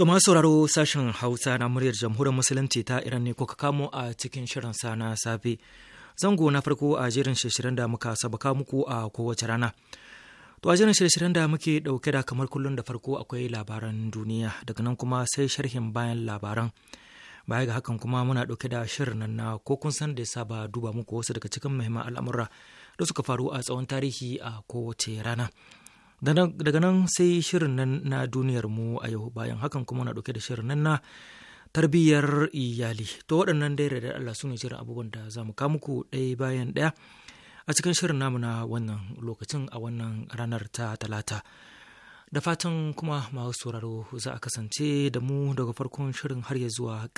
To masu sauraro sashen Hausa na muryar Jamhuriyar Musulunci ta Iran ne kuka kamo a cikin shirin sa na safe. Zango na farko a jerin shirin da muka sabaka muku a kowace rana. To a jerin shirin da muke dauke da kamar kullum da farko akwai labaran duniya daga nan kuma sai sharhin bayan labaran. Baya ga hakan kuma muna dauke da shirin nan na ko kun san da saba duba muku wasu daga cikin muhimman al'amura da suka faru a tsawon tarihi a kowace rana. daga nan sai shirin nan na duniyar mu a yau bayan hakan kuma na ɗauke da shirin nan na tarbiyyar iyali to waɗannan da da Allah su ne shirin abubuwan da za mu muku ɗaya bayan ɗaya a cikin shirin namu na wannan lokacin a wannan ranar ta talata da fatan kuma masu sauraro za a kasance da mu daga farkon shirin har ya zuwa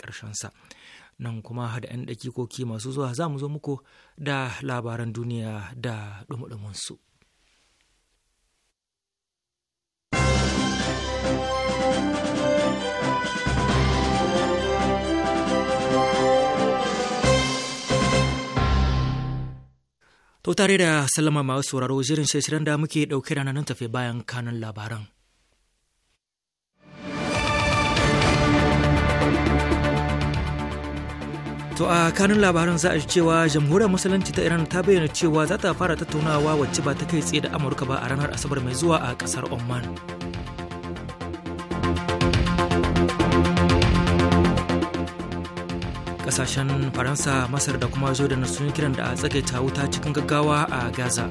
sa nan kuma da 'yan dakikoki masu zuwa za mu zo muku da labaran duniya da dumudumunsu. su To tare da sallama masu sauraro jirin shirin da muke ɗauke da nan tafe bayan kanun labaran. To a kanun labaran za a ji cewa jamhuriyar musulunci ta Iran ta bayyana cewa za ta fara tattaunawa wacce ba ta kai tsaye da Amurka ba a ranar Asabar mai zuwa a ƙasar Oman. kasashen faransa masar da kuma jordan sun yi kiran da a tsakaita wuta cikin gaggawa a gaza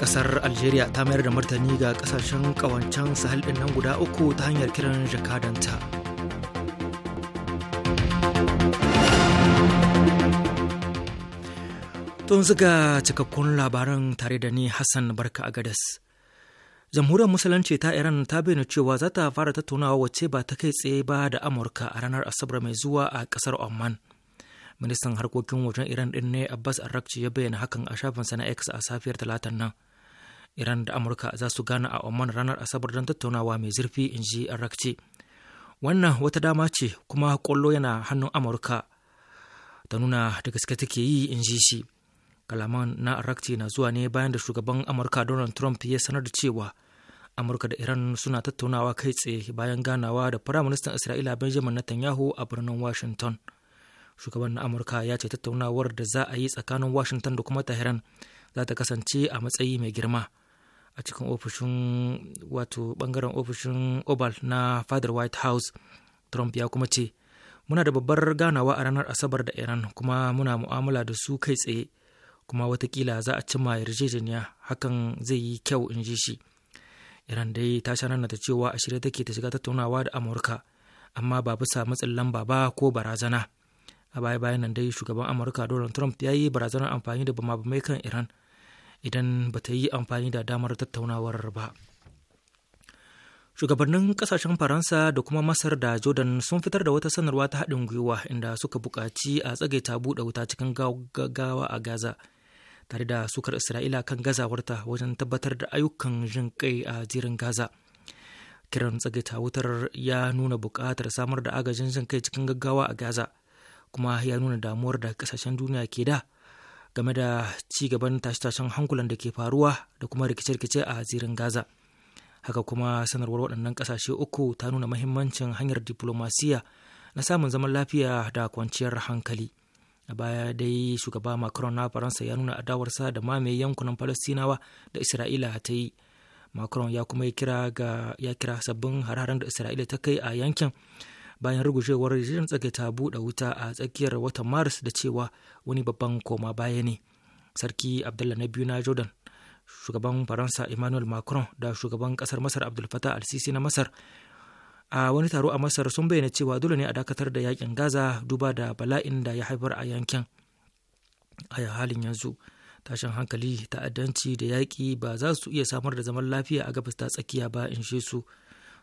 kasar algeria ta mayar da martani ga kasashen kawancen sahel din nan guda uku ta hanyar kiran jakadanta tun suka cikakkun labaran tare da ni hassan barka a Gadas. jamhuriyar musulunci ta iran ta bayyana cewa za ta fara tattaunawa wacce ba ta kai tsaye ba da amurka a ranar asabar mai zuwa a kasar oman ministan harkokin wajen iran din ne abbas arrakci ya bayyana hakan a shafin na x a safiyar talatan nan iran da amurka za su gana a oman ranar asabar don tattaunawa mai zurfi in ji arrakci wannan wata dama ce kuma kwallo yana hannun amurka ta nuna da gaske take yi in ji shi kalaman na arakci na zuwa ne bayan da shugaban amurka donald trump ya sanar da cewa amurka da iran suna tattaunawa kai tsaye bayan ganawa da firaministan isra'ila benjamin netanyahu a birnin washington shugaban na amurka ya ce tattaunawar da za a yi tsakanin washington da kuma tehran za ta kasance a matsayi mai girma a cikin ofishin wato bangaren ofishin oval na fadar white house trump ya kuma ce muna da babbar ganawa a ranar asabar da iran kuma muna mu'amala da su kai tsaye kuma watakila za a cimma yarjejeniya hakan zai yi kyau in ji shi iran dai ta shanar da cewa a shirye take ta shiga tattaunawa da amurka amma ba bisa matsin lamba ba ko barazana a baya bayan nan dai shugaban amurka donald trump ya yi barazanar amfani da bamabamai kan iran idan ba ta yi amfani da damar tattaunawar ba shugabannin kasashen faransa da kuma masar da jordan sun fitar da wata sanarwa ta haɗin gwiwa inda suka buƙaci a tsage ta buɗe wuta cikin gaggawa a gaza tare da sukar isra'ila kan gazawarta wajen tabbatar da ayyukan jin kai a zirin gaza kiran tsagaita wutar ya nuna buƙatar samar da agajin jin kai cikin gaggawa a gaza kuma ya nuna damuwar da kasashen duniya ke da game da ci gaban tashe-tashen hankulan da ke faruwa da kuma rikice-rikice a zirin gaza haka kuma sanarwar waɗannan ƙasashe uku ta nuna mahimmancin hanyar diplomasiya na samun zaman lafiya da kwanciyar hankali. a baya dai shugaba macron na faransa ya nuna adawarsa da mamaye yankunan falastinawa da isra'ila ta yi macron ya kuma ya kira sabbin hararen da isra'ila ta kai a yankin bayan rugujewar rijiyar tsage ta buɗe wuta a tsakiyar watan maris da cewa wani babban koma baya ne sarki abdullah na biyu na jordan shugaban faransa emmanuel macron da shugaban kasar masar abdul fatah al-sisi na masar a wani taro a masar sun bayyana cewa dole ne a dakatar da yakin gaza duba da bala'in da ya haifar a yankin a halin yanzu tashin hankali ta'addanci da yaƙi ba za su iya samar da zaman lafiya a gabas ta tsakiya ba in she su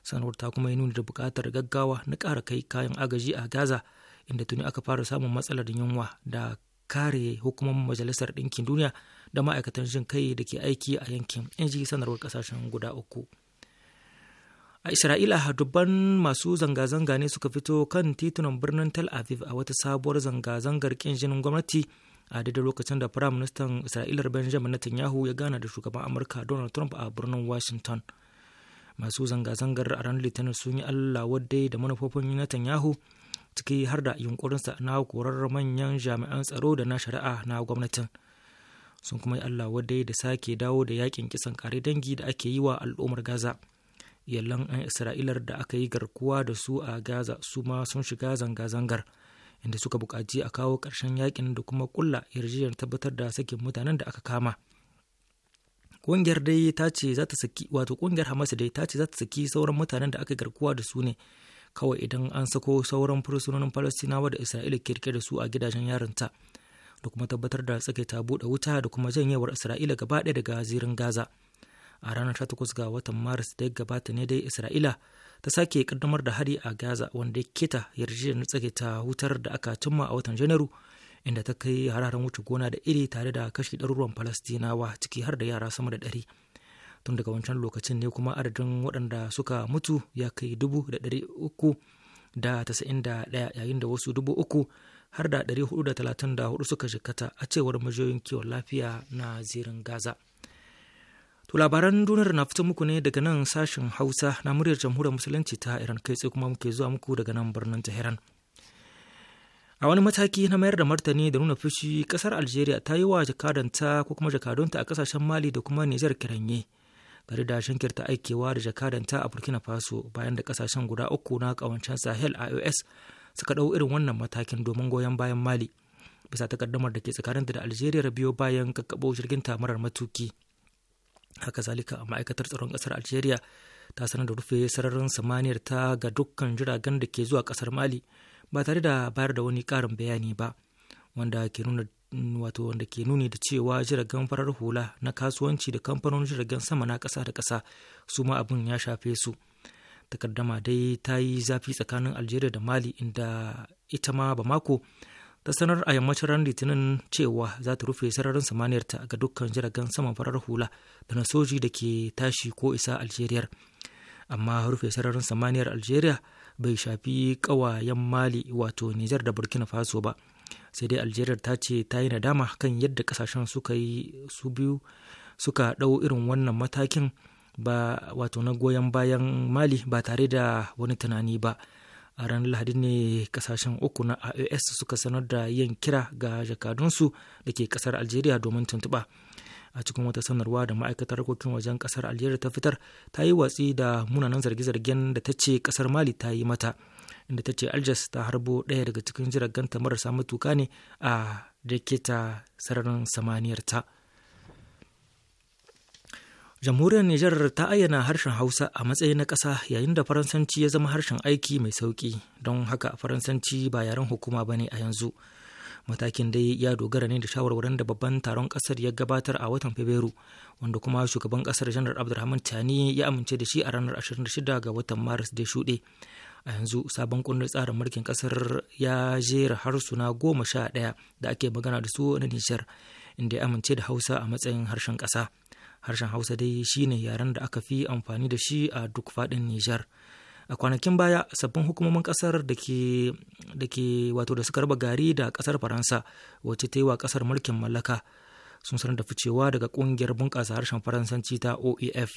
sanarwar ta kuma yi nuni da buƙatar gaggawa na ƙara kai kayan agaji a gaza inda tuni aka fara samun matsalar yunwa da kare hukumar majalisar ɗinkin duniya da ma'aikatan jin kai da ke aiki a yankin in ji sanarwar ƙasashen guda uku A Isra'ila dubban masu zanga-zanga ne suka fito kan titunan birnin Tel Aviv a wata sabuwar zanga-zangar kin jinin gwamnati a daidai lokacin da Firayim Ministan Isra'ilar Benjamin Netanyahu ya gana da shugaban Amurka Donald Trump a birnin Washington. Masu zanga-zangar a ranar Litinin sun yi Allah wadai da manufofin Netanyahu ciki har da yunkurinsa na korar manyan jami'an tsaro da na shari'a na gwamnatin. Sun kuma yi Allah wadai da sake dawo da yakin kisan kare dangi da ake yi wa al'ummar Gaza. iyalan 'yan isra'ilar da aka yi garkuwa da su a gaza su ma sun shiga zanga-zangar inda suka bukaci a kawo karshen yakin da kuma kulla yarjejiyar tabbatar da sakin mutanen da aka kama ƙungiyar dai ta ce za ta saki wato ƙungiyar hamas dai ta ce za ta saki sauran mutanen da aka garkuwa da su ne kawai idan an sako sauran fursunonin falastinawa da isra'ila kirke da su a gidajen yarinta da kuma tabbatar da tsakaita buɗe wuta da kuma janyewar isra'ila gaba ɗaya daga zirin gaza a ranar 18 ga watan maris da ya gabata ne dai isra'ila ta sake kaddamar da hari a gaza wanda ya keta yarjejeniyar tsage ta wutar da aka cimma a watan janairu inda ta kai hararen wuce gona da iri tare da kashe ɗaruruwan falastinawa ciki har da yara sama da ɗari tun daga wancan lokacin ne kuma adadin waɗanda suka mutu ya kai dubu da ɗari uku da tasa'in da ɗaya yayin da wasu dubu uku har da ɗari hudu da talatin da hudu suka jikata a cewar majiyoyin kiwon lafiya na zirin gaza. To labaran duniyar na fito muku ne daga nan sashen Hausa na muryar jamhuriyar musulunci ta Iran kai tsaye kuma muke zuwa muku daga nan birnin Tehran. A wani mataki na mayar da martani da nuna fushi kasar Algeria ta yi wa jakadanta ko kuma jakadunta a kasashen Mali da kuma Nijar kiranye. Gari da shinkirta aikewa da jakadanta a Burkina Faso bayan da kasashen guda uku na kawancen Sahel IOS suka ɗau irin wannan matakin domin goyon bayan Mali. Bisa takaddamar da ke tsakaninta da Algeria biyo bayan kakkaɓo jirgin tamarar matuki. haka zalika a ma'aikatar tsaron kasar algeria ta sanar da rufe sararin samaniyar ta ga dukkan jiragen da ke zuwa kasar mali ba tare da bayar da wani karin bayani ba wanda ke nuna wato wanda ke nuni da cewa jiragen farar hula na kasuwanci da kamfanonin jiragen sama na kasa da kasa su ma abin ya shafe su takardama dai ta yi zafi tsakanin algeria da mali inda ita ma ba mako. ta sanar a yammacin ran litinin cewa za ta rufe sararin samaniyarta ga dukkan jiragen saman farar hula da na soji da ke tashi ko isa algeria amma rufe sararin samaniyar algeria bai shafi kawayen mali wato nijar da burkina faso ba sai dai algeria ta ce ta yi nadama kan yadda kasashen suka yi su biyu suka ɗau irin wannan matakin ba wato na goyon bayan mali ba tare da wani tunani ba a ran lahadi ne kasashen uku na ios suka sanar da yin kira ga jakadunsu da ke kasar algeria domin tuntuɓa a cikin wata sanarwa da ma'aikatar harkokin wajen kasar algeria ta fitar ta yi watsi da munanan zarge-zargen da ta ce kasar mali ta yi mata inda ta ce aljas ta harbo ɗaya daga cikin jiragen ta marasa matuka ne a da ke sararin samaniyarta. ta Jamhuriyar Nijar ta ayyana harshen Hausa a matsayin na ƙasa yayin da Faransanci ya zama harshen aiki mai sauki don haka Faransanci ba yaren hukuma ba ne a yanzu. Matakin dai ya dogara ne da shawarwarin da babban taron ƙasar ya gabatar a watan Fabrairu wanda kuma shugaban ƙasar Janar Abdulrahman Tani ya amince da shi a ranar 26 ga watan Maris da shuɗe. A yanzu sabon kundin tsarin mulkin ƙasar ya jera harsuna goma sha ɗaya da ake magana da su na Nijar inda ya amince da Hausa a matsayin harshen ƙasa. harshen hausa dai shine yaren da aka fi amfani da shi a duk faɗin nijar a kwanakin baya sabbin hukumomin kasar da ke wato da suka raba gari da kasar faransa wacce ta yi wa kasar mulkin mallaka sun sanar da ficewa daga kungiyar bunƙasa harshen faransanci ta oef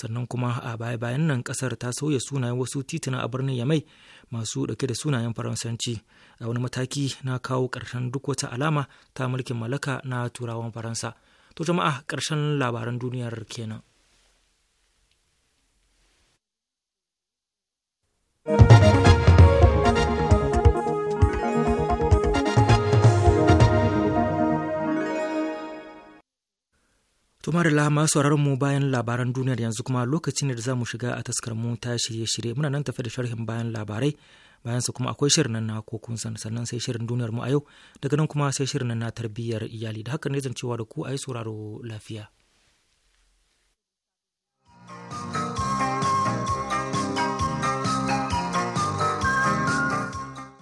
sannan kuma a baya bayan nan kasar ta sauya sunayen wasu tituna a birnin yamai masu dauke da sunayen faransanci a wani mataki na kawo ƙarshen duk wata alama ta mulkin mallaka na turawan faransa to jama'a ƙarshen labaran duniyar kenan Tuma da lama sauraron mu bayan labaran duniyar yanzu kuma lokacin da za mu shiga a taskar mu ta shirye-shirye muna nan tafi da sharhin bayan labarai bayan su kuma akwai shirin nan na ko kun san sannan sai shirin duniyar mu a yau daga nan kuma sai shirin na tarbiyyar iyali da haka ne zan cewa da ku a ayi sauraro lafiya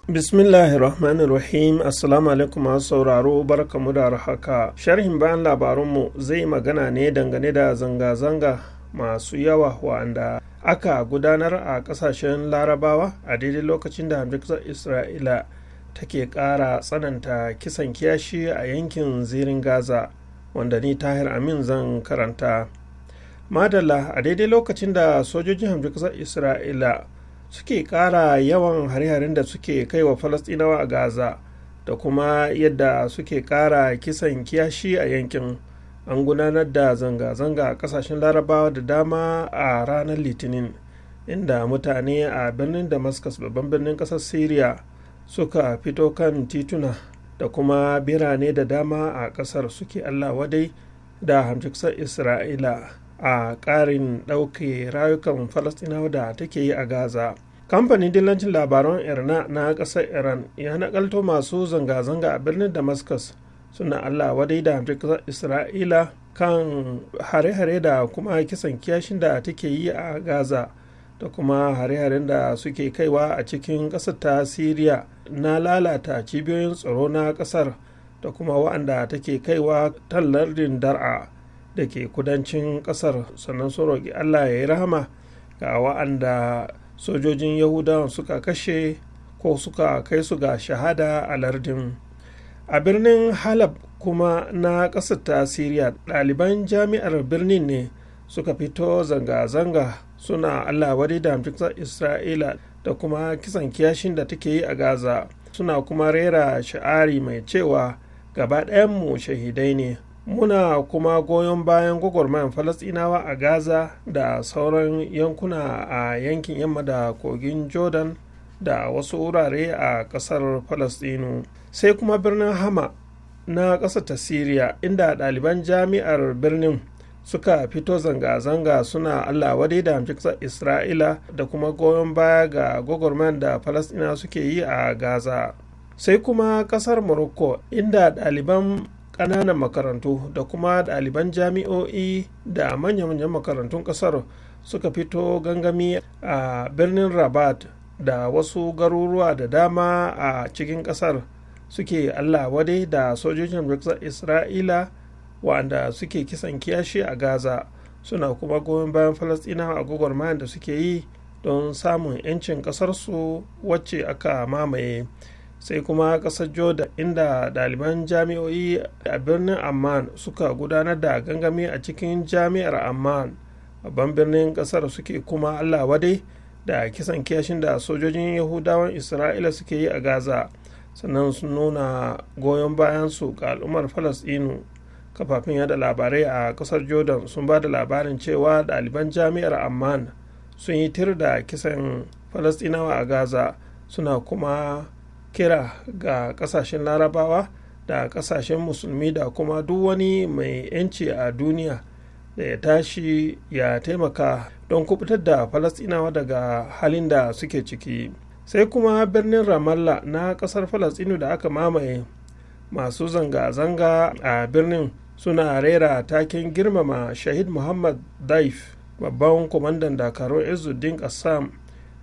bismillahi rahmanir rahim assalamu alaikum masu sauraro barkamu da haka sharhin bayan labarunmu zai magana ne dangane da zanga-zanga masu yawa wa'anda aka gudanar a kasashen larabawa a daidai lokacin da hamdukar isra'ila take ƙara tsananta kisan kiyashi a yankin zirin gaza wanda ni tahir amin zan karanta madalla a daidai lokacin da sojojin hamdukar isra'ila suke ƙara yawan hare-haren da suke kai wa falastinawa a gaza da kuma yadda suke ƙara kisan kiyashi a yankin an gudanar da zanga-zanga a kasashen larabawa da dama a ranar litinin inda mutane a birnin damascus babban birnin kasar syria suka fito kan tituna da kuma birane da dama a kasar suke allah wadai da hamshiksar isra'ila a karin ɗauke rayukan falastinawa da take yi a gaza kamfanin dillancin labaran irna na ƙasar iran ya nakalto masu zanga-zanga a birnin damascus suna allah wadai da isra'ila kan hare-hare da kuma kisan kiyashin da take yi a gaza da kuma hare-haren da suke kaiwa a cikin ƙasar ta syria na lalata cibiyoyin tsaro na ƙasar da kuma wa'anda take kaiwa tan lardin dar'a da ke kudancin ƙasar sannan sun roƙi allah ya yi rahama ga wa'anda sojojin yahudawan suka kashe ko suka kai su ga shahada a lardin. a birnin halab kuma na ƙasar ta siriya ɗaliban jami'ar birnin ne suka fito zanga-zanga suna allah wari da amfikar isra'ila da kuma kisan kiyashin da take yi a gaza suna kuma rera sha'ari mai cewa gaba mu shahidai ne muna kuma goyon bayan gwagwarmayan falasɗinawa a gaza da sauran yankuna a yankin yamma da kogin jordan da wasu wurare a kasar falasɗinu sai kuma birnin hama na ƙasa ta siriya inda ɗaliban jami'ar birnin suka fito zanga-zanga suna allah wadai da ƙasar isra'ila da kuma goyon baya ga gwagwarmayar da falasɗina suke yi a gaza sai kuma ƙasar morocco inda ɗaliban ƙananan makarantu da kuma ɗaliban jami'o'i da manya-manyan makarantun ƙasar suka fito gangami a birnin rabat da wasu garuruwa da dama a cikin ƙasar suke allah wadai da sojojin amurka isra'ila wa'anda suke kisan kiyashi a gaza suna kuma goyon bayan falastinawa a gwagwarmayar da suke yi don samun 'yancin ƙasarsu wacce aka mamaye sai kuma ƙasar jordan inda daliban jami'o'i a birnin amman suka gudanar da gangami a cikin jami'ar amman babban birnin ƙasar suke kuma allah wadai da kisan kiyashin da sojojin yahudawan isra'ila suke yi a gaza sannan sun nuna goyon bayan su ga al'ummar falasɗinu kafafen yada labarai a kasar jordan sun ba da labarin cewa ɗaliban jami'ar amman sun yi tir da kisan falasɗinawa a gaza suna kuma kira ga kasashen larabawa da kasashen musulmi da kuma duk wani mai 'yanci a duniya da ya tashi ya taimaka don kubutar da falasɗinawa daga halin da suke ciki sai kuma birnin ramallah na kasar falastinu da aka mamaye masu zanga-zanga a birnin suna rera takin girmama shahid muhammad daif babban kwamandan dakarun izuddin kassam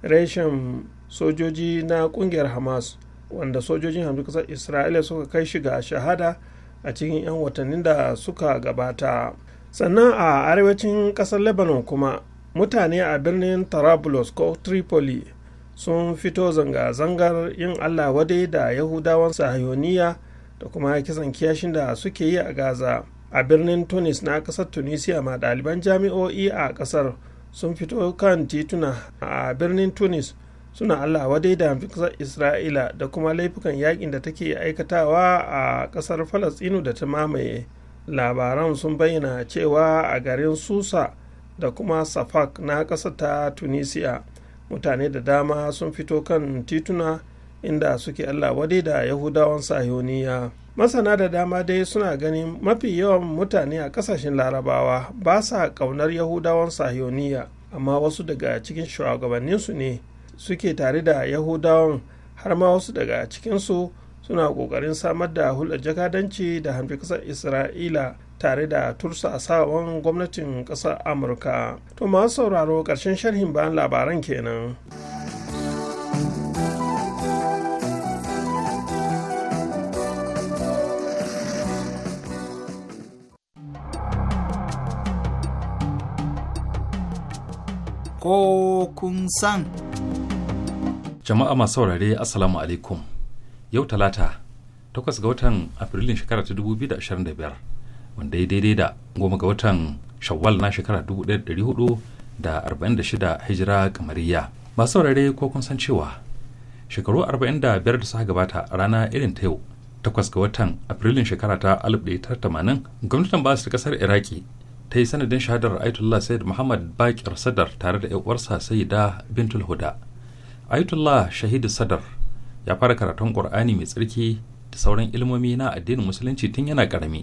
reshen sojoji na kungiyar hamas wanda sojojin hamsin kasar isra'ila suka kai shi ga shahada a cikin 'yan watannin da suka gabata sannan a arewacin kasar lebanon kuma mutane a birnin tarablos ko tripoli sun fito zanga-zangar yin allah wadai da yahudawan sahayoniya da kuma kisan kiyashin da suke yi a gaza a birnin tunis na kasar tunisia ma ɗaliban jami'o'i a kasar sun fito kan tituna a birnin tunis suna allah wadai da kasar isra'ila da kuma laifukan yakin da take aikatawa a kasar falastinu da ta mamaye labaran sun bayyana cewa a garin susa da kuma safak na kasar ta tunisia mutane da dama sun fito kan tituna inda suke allah wadai da yahudawan sahiyoniya masana da dama dai suna ganin mafi yawan mutane a kasashen larabawa ba sa ƙaunar yahudawan sahiyoniya amma wasu daga cikin shugabanninsu ne suke tare da yahudawan har ma wasu daga cikinsu suna ƙoƙarin samar da hulɗar jakadanci da hanfi ƙasar isra'ila tare da tursa a sawan gwamnatin ƙasar amurka to masu sauraro ƙarshen sharhin bayan labaran kenan. ko kun san. Jama'a masu saurare Assalamu alaikum. Yau Talata, 8 ga watan Afrilun shekara ta 2025. wanda ya daidai da goma ga watan shawwal na shekara 1446 hijira kamariya masu saurare ko kun san cewa shekaru 45 da suka gabata rana irin ta yau takwas ga watan afrilun shekara ta 1980 gwamnatin basu ta kasar iraki ta yi sanadin shahadar ayatollah sayyid muhammad bakir sadar tare da uwarsa sayyida bintul huda ayatollah shahidu sadar ya fara karatun qur'ani mai tsarki da sauran ilmomi na addinin musulunci tun yana karami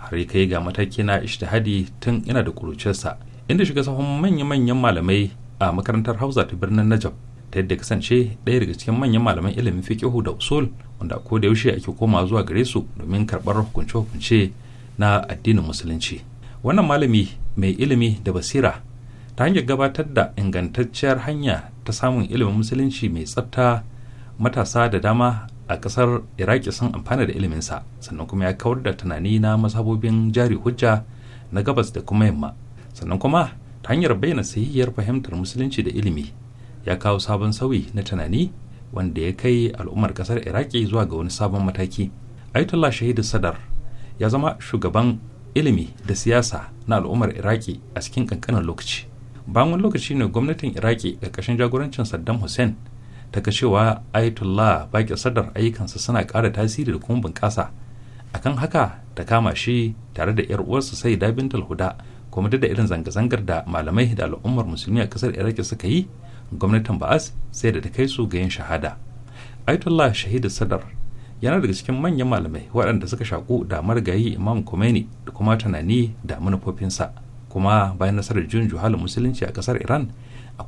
har ya kai ga mataki na ishtihadi tun yana da kuruciyarsa inda shiga sahun manya-manyan malamai a makarantar hausa ta birnin najab ta yadda kasance ɗaya daga cikin manyan malaman ilimin fiqihu da usul wanda ko da yaushe ake koma zuwa gare su domin karɓar hukunce-hukunce na addinin musulunci wannan malami mai ilimi da basira ta hanyar gabatar da ingantacciyar hanya ta samun ilimin musulunci mai tsafta matasa da dama a kasar iraki sun amfana da iliminsa sannan kuma ya kawar da tunani na mazhabobin jari hujja na gabas da kuma yamma sannan kuma ta hanyar bayyana sahihiyar fahimtar musulunci da ilimi ya kawo sabon sauyi na tunani wanda ya kai al'ummar kasar iraki zuwa ga wani sabon mataki ayatollah shahidu sadar ya zama shugaban ilimi da siyasa na al'ummar iraki a cikin kankanin lokaci bayan wani lokaci ne gwamnatin iraki ƙarƙashin jagorancin saddam hussein ta ga cewa ayatollah baƙi sadar ayyukansa suna ƙara tasiri da kuma bunƙasa akan haka ta kama shi tare da yar uwarsa sai da bintul huda kuma duk da irin zanga-zangar da malamai da al'ummar musulmi a ƙasar iraq suka yi gwamnatin ba'as sai da ta kai su ga yin shahada ayatollah shahid sadar yana daga cikin manyan malamai waɗanda suka shaku da marigayi imam khomeini da kuma tunani da manufofinsa kuma bayan nasarar jin juhalin musulunci a ƙasar iran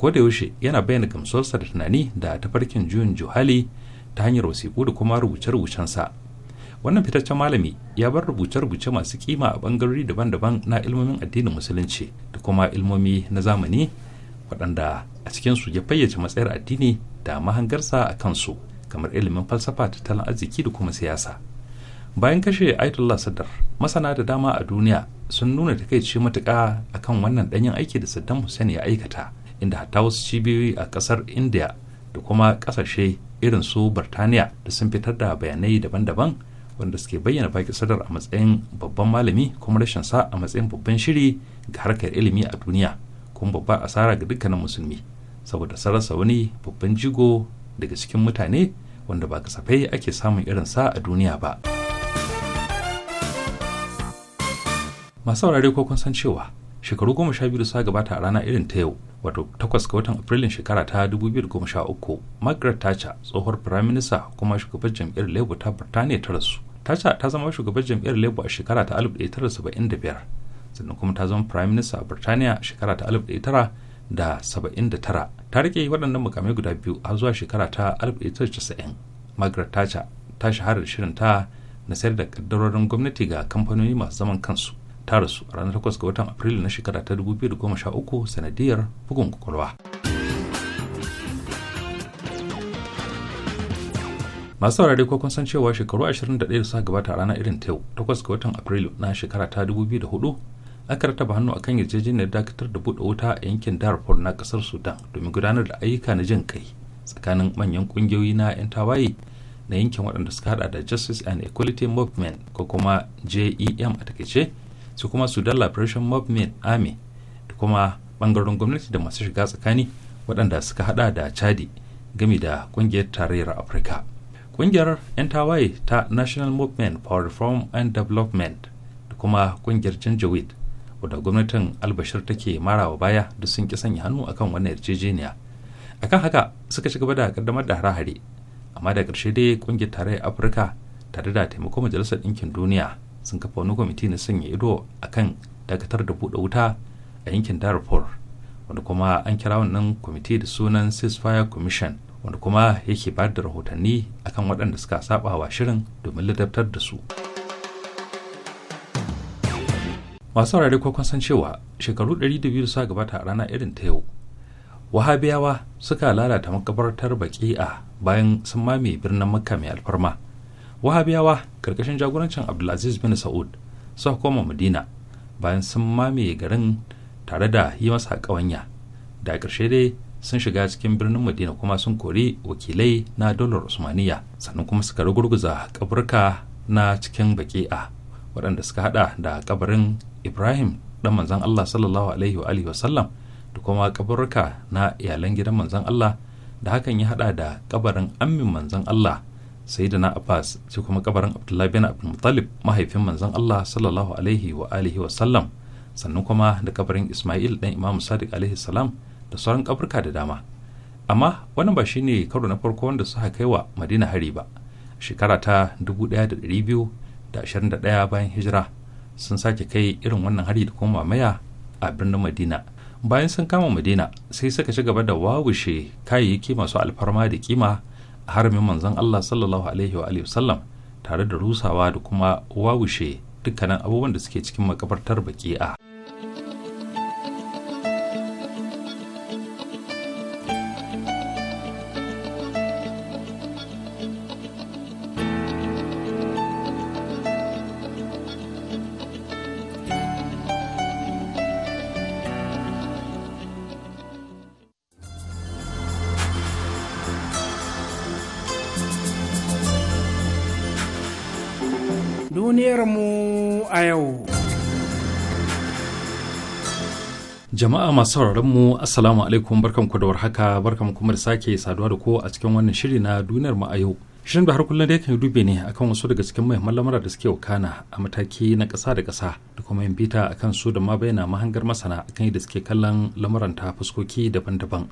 a yaushe yana bayyana gamsuwarsa da tunani da tafarkin juyin juhali ta hanyar wasiƙu da kuma rubuce rubucen sa wannan fitaccen malami ya bar rubuce-rubuce masu kima a bangarori daban-daban na ilmomin addinin musulunci da kuma ilmomi na zamani waɗanda a cikinsu ya fayyace matsayar addini da mahangarsa a kansu kamar ilimin falsafa tattalin arziki da kuma siyasa bayan kashe aitullah sadar masana da dama a duniya sun nuna takaici matuƙa akan wannan ɗanyen aiki da saddam hussein ya aikata inda hatta wasu cibiyoyi a kasar india da kuma kasashe irin su birtaniya da sun fitar da bayanai daban-daban wanda suke bayyana baki sadar a matsayin babban malami kuma rashin sa a matsayin babban shiri ga harkar ilimi a duniya kuma babbar asara ga dukkanin musulmi saboda sararsa wani babban jigo daga cikin mutane wanda ba kasafai ake samun irin sa a duniya ba masu saurare ko kun san cewa shekaru goma sha biyu da gabata a rana irin ta yau wato takwas ga watan afrilun shekara ta 2013 margaret thatcher tsohuwar firaminista kuma shugabar jam'iyyar labour ta birtaniya ta rasu thatcher ta zama shugabar jam'iyyar labour a shekara ta 1975 sannan kuma ta zama firaminista a birtaniya a shekara ta 1979 ta rike waɗannan mukamai guda biyu har zuwa shekara ta 1990 margaret thatcher ta shahara da shirin ta na sayar da kaddarorin gwamnati ga kamfanoni masu zaman kansu ta rasu a ranar 8 ga watan Afrilu na shekara ta 2013 sanadiyar bugun kwakwalwa. masu saurare ko kun san cewa shekaru 21 da suka gabata a ranar irin ta yau 8 ga watan Afrilu na shekara ta 2004 aka rataba hannu akan yarjejeniyar dakatar da buɗe wuta a yankin Darfur na ƙasar Sudan domin gudanar da ayyuka na jin kai tsakanin manyan ƙungiyoyi na 'yan tawaye na yankin waɗanda suka hada da justice and equality movement ko kuma jem a takaice su kuma sudan liberation movement army da kuma bangaren gwamnati da masu shiga tsakani waɗanda suka hada da chadi gami da ƙungiyar tarayyar afirka ƙungiyar 'yan tawaye ta national movement for reform and development da kuma ƙungiyar janjawit wadda gwamnatin albashir take marawa baya da sun ki sanya hannu akan wannan yarjejeniya akan haka suka ci gaba da kaddamar da hare-hare amma da ƙarshe dai kungiyar tarayyar afirka tare da taimakon majalisar ɗinkin duniya sun kafa wani kwamiti na sanya ido a kan dakatar da buɗe wuta a yankin darfur wanda kuma an kira wannan kwamiti da sunan ceasefire commission wanda kuma yake ba da rahotanni akan waɗanda suka saba wa shirin domin ladabtar da su masu rarrai kwakwan san cewa shekaru 200 suka gabata a rana irin ta yau wahabiyawa suka lalata makabartar a bayan sun mame birnin makka mai alfarma wahabiyawa karkashin jagorancin abdulaziz bin sa'ud suka koma madina bayan sun mamaye garin tare da yi masa ƙawanya da ƙarshe dai sun shiga cikin birnin madina kuma sun kori wakilai na dolar usmaniya sannan kuma suka rugurguza kaburka na cikin baƙi a waɗanda suka haɗa da ƙabarin ibrahim dan manzon allah sallallahu alaihi wa alihi wasallam da kuma kaburka na iyalan gidan manzon allah da hakan ya haɗa da ƙabarin ammin manzon allah sai da na abbas sai kuma kabarin abdullahi bin abdulmutalib mahaifin manzon allah sallallahu alaihi wa alihi wa sallam sannan kuma da kabarin ismail dan imam sadiq alaihi salam da sauran kaburka da dama amma wannan ba shine karo na farko wanda suka kai wa madina hari ba shekara ta 1221 bayan hijira sun sake kai irin wannan hari da kuma mamaya a birnin madina bayan sun kama madina sai suka ci gaba da wawushe kayayyaki masu alfarma da kima haramin manzon Allah sallallahu alaihi wa alihi wasallam tare da rusawa da kuma wawushe dukkanin abubuwan da suke cikin makabartar baki'a. Jama'a masu sauraron mu Assalamu alaikum ku da warhaka barkan kuma da sake saduwa da ko a cikin wannan shiri na duniyar mu a yau. Shirin da har kullum da yakan dube ne akan wasu daga cikin muhimman lamura da suke wakana a mataki na ƙasa da ƙasa da kuma yin bita a kan su da ma bayyana mahangar masana akan yadda suke kallon lamuran ta fuskoki daban-daban.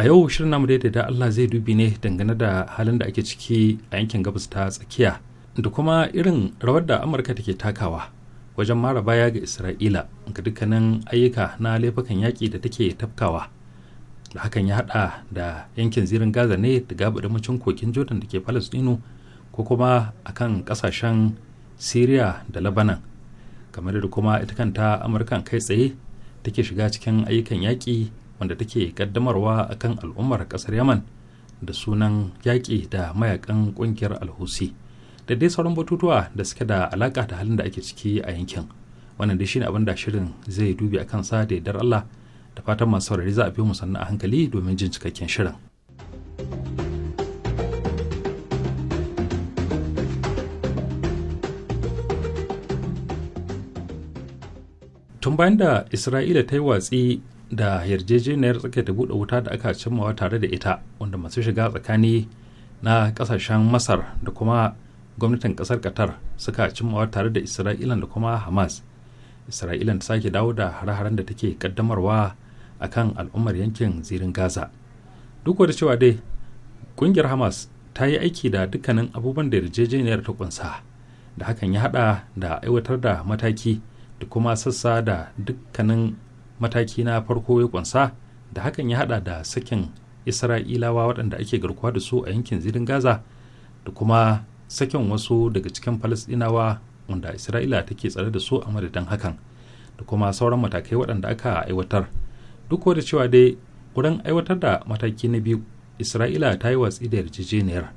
A yau shirin namu da Allah zai dubi ne dangane da halin da ake ciki a yankin gabas ta tsakiya da kuma irin rawar da Amurka take takawa wajen mara baya ga isra'ila ga dukkanin ayyuka na laifukan yaƙi da take tafkawa da hakan ya haɗa da yankin zirin gaza ne da gabadamacin kokin jordan da ke palestino ko kuma akan ƙasashen syria da labanan kamar da kuma ita kanta amurkan kai tsaye take shiga cikin ayyukan yaƙi wanda take kaddamarwa akan al'ummar ƙasar yaman da sunan yaƙi da mayakan ƙungiyar alhusi da dai sauran batutuwa da suke da alaka da halin da ake ciki a yankin wannan dai shine abin da shirin zai dubi a sa da yardar Allah da fatan masu saurari za a fi mu sannan a hankali domin jin cikakken shirin. tun bayan da isra'ila ta yi watsi da yarjejeniyar tsakiyar ta buɗe wuta da aka cimmawa tare da ita wanda masu shiga tsakani na kasashen masar da kuma gwamnatin kasar qatar suka cimmawa tare da isra'ilan da kuma hamas isra'ilan ta sake dawo da hare-haren da take kaddamarwa a kan al'ummar yankin zirin gaza duk da cewa dai kungiyar hamas ta yi aiki da dukkanin abubuwan da yarjejeniyar ta kunsa da hakan ya haɗa da aiwatar da mataki da kuma sassa da dukkanin mataki na farko ya kunsa da hakan ya haɗa da sakin isra'ilawa waɗanda ake garkuwa da su a yankin zirin gaza da kuma sakin wasu daga cikin falasdinawa wanda isra'ila take tsare da su a madadin hakan da kuma sauran matakai waɗanda aka aiwatar duk da cewa dai wurin aiwatar da mataki na biyu isra'ila ta yi watsi da yarjejeniyar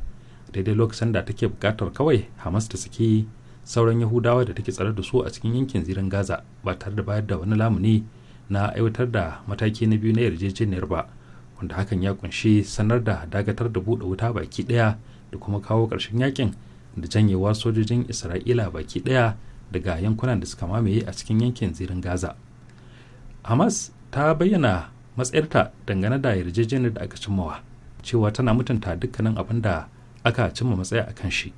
daidai lokacin da take bukatar kawai hamas ta saki sauran yahudawa da take tsare da su a cikin yankin zirin gaza ba tare da bayar da wani lamuni na aiwatar da mataki na biyu na yarjejeniyar ba wanda hakan ya kunshi sanar da dagatar da buɗe wuta baki ɗaya da kuma kawo ƙarshen yakin da janyewa sojojin isra'ila baki ɗaya daga yankunan da suka mamaye a cikin yankin zirin gaza hamas ta bayyana matsayarta dangane da yarjejeniyar da aka cimmawa cewa tana mutunta dukkanin abin da aka cimma matsaya a kan shi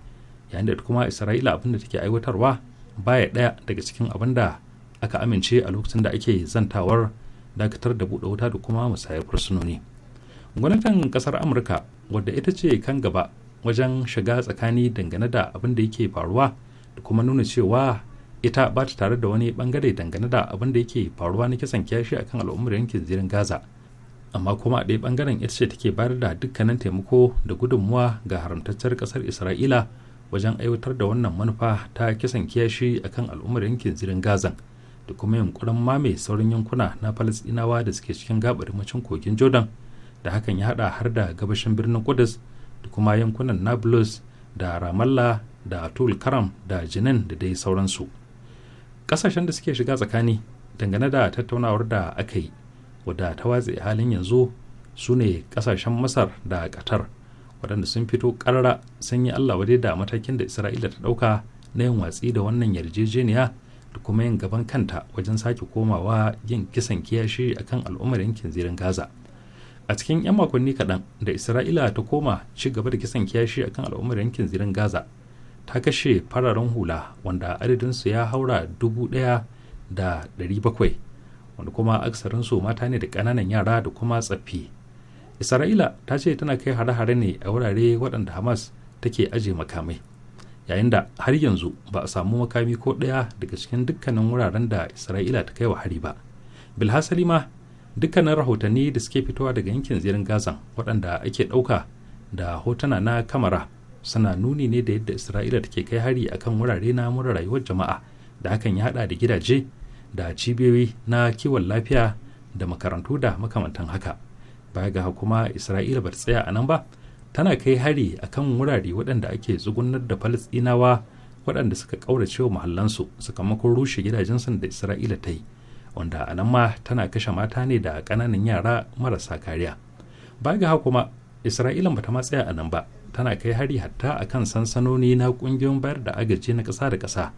yayin da kuma isra'ila abin da take aiwatarwa baya ɗaya daga cikin abin da aka amince a lokacin da ake zantawar dakatar da buɗe wuta da kuma musayar fursunoni gwamnatin ƙasar amurka wadda ita ce kan gaba wajen shiga tsakani dangane da abin da yake faruwa da kuma nuna cewa ita ba ta tare da wani bangare dangane da abin da yake faruwa na kisan kiyashi akan al'ummar yankin zirin gaza amma kuma a ɗaya bangaren ita ce take bayar da dukkanin taimako da gudunmuwa ga haramtaccen ƙasar isra'ila wajen aiwatar da wannan manufa ta kisan kiyashi akan al'ummar yankin zirin gaza da kuma yunkurin mame sauran yankuna na falasɗinawa da suke cikin gabar macin kogin jordan da hakan ya haɗa har da gabashin birnin kudus da kuma yankunan nablus da ramallah da atul karam da jinin da dai sauransu ƙasashen da suke shiga tsakani dangane da tattaunawar da aka yi wadda ta watsi halin yanzu su ne ƙasashen masar da qatar waɗanda sun fito ƙarara sun yi allah wadai da matakin da isra'ila ta ɗauka na yin watsi da wannan yarjejeniya da kuma yin gaban kanta wajen sake komawa yin kisan kiyashi akan al'ummar yankin zirin gaza a cikin 'yan makonni kaɗan da isra'ila ta koma ci gaba da kisan kiyashi akan al'ummar yankin zirin gaza ta kashe fararen hula wanda adadinsu ya haura dubu ɗaya da ɗari bakwai wanda kuma aksarinsu mata ne da ƙananan yara da kuma tsaffi isra'ila ta ce tana kai hare-hare ne a wurare waɗanda hamas take aje makamai yayin da har yanzu ba a samu makami ko ɗaya daga cikin dukkanin wuraren da isra'ila ta kai wa hari ba bilhassali ma dukkanin rahotanni da suke fitowa daga yankin zirin gazan waɗanda ake ɗauka da hotuna na kamara suna nuni ne da yadda isra'ila take kai hari a kan wurare na mura rayuwar jama'a da hakan ya haɗa da gidaje da cibiyoyi na kiwon lafiya da makarantu da makamantan haka baya ga kuma isra'ila ba ta tsaya a nan ba tana kai hari a kan wurare waɗanda ake tsugunar da falastinawa waɗanda suka ƙaurace wa mahallansu sakamakon rushe gidajensu da isra'ila ta yi wanda a nan ma tana kashe mata ne da ƙananan yara marasa kariya ba ga kuma isra'ila bata ma tsaya a nan ba tana kai hari hatta a kan sansanoni na ƙungiyoyin bayar da agaji na ƙasa da ƙasa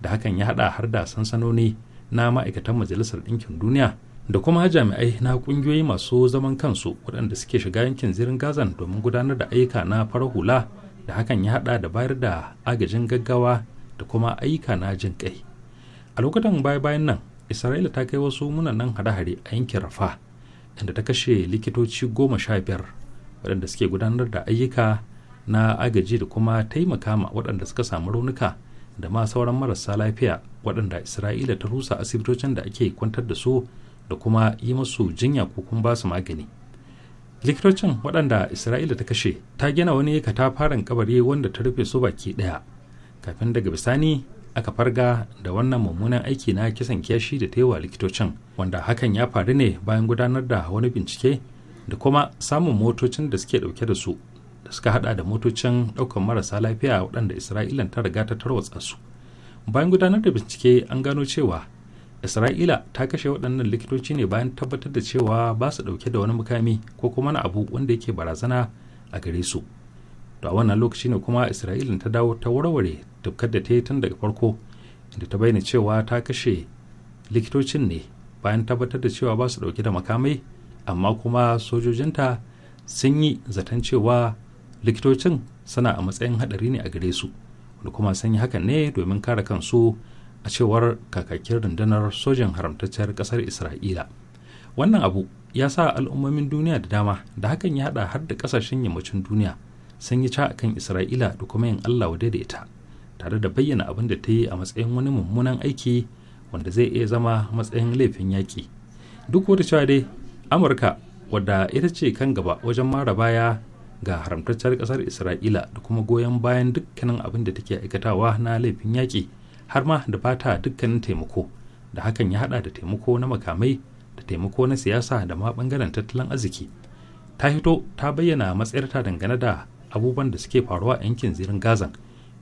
da hakan ya haɗa har da sansanoni na ma'aikatan majalisar ɗinkin duniya da kuma jami'ai na ƙungiyoyi masu zaman kansu waɗanda suke shiga yankin zirin gazan domin gudanar da ayyuka na farar hula da hakan ya haɗa da bayar da agajin gaggawa da kuma ayyuka na jin kai a lokutan baya-bayan nan isra'ila ta kai wasu munanan hare-hare a yankin rafa inda ta kashe likitoci goma sha biyar waɗanda suke gudanar da ayyuka na agaji da kuma taimaka ma waɗanda suka samu raunuka da ma sauran marasa lafiya waɗanda isra'ila ta rusa asibitocin da ake kwantar da su da kuma yi masu jinya ko kuma ba su magani likitocin waɗanda isra'ila ta kashe ta gina wani katafaren kabari wanda ta rufe su baki ɗaya kafin daga bisani aka farga da wannan mummunan aiki na kisan kiyashi da ta yi likitocin wanda hakan ya faru ne bayan gudanar da wani bincike da kuma samun motocin da suke dauke da su da suka hada da motocin daukan marasa lafiya waɗanda isra'ila ta riga ta tarwatsa su bayan gudanar da bincike an gano cewa isra'ila ta kashe waɗannan likitoci ne bayan tabbatar da cewa ba su dauke da wani mukami ko kuma na abu wanda yake barazana a gare su to a wannan lokaci ne kuma isra'ila ta dawo ta warware tufkar da ta yi tun daga farko inda ta bayyana cewa ta kashe likitocin ne bayan tabbatar da cewa ba su dauke da makamai amma kuma sojojinta sun yi zaton cewa likitocin suna a matsayin hadari ne a gare su wani kuma sun yi hakan ne domin kare kansu a cewar kakakin rundunar sojin haramtacciyar kasar isra'ila wannan abu ya sa al'ummomin duniya da dama da hakan ya hada har da kasashen yammacin duniya sun yi ca akan isra'ila da kuma yin allah wa da ita tare da bayyana abin da ta yi a matsayin wani mummunan aiki wanda zai iya zama matsayin laifin yaƙi duk wata cewa dai amurka wadda ita ce kan gaba wajen mara baya ga haramtacciyar ƙasar isra'ila da kuma goyon bayan dukkanin abin da take aikatawa na laifin yaƙi har ma da fata dukkanin taimako da hakan ya haɗa da taimako na makamai da taimako na siyasa da ma bangaren tattalin arziki ta hito ta bayyana matsayarta dangane da abubuwan da suke faruwa a yankin zirin gazan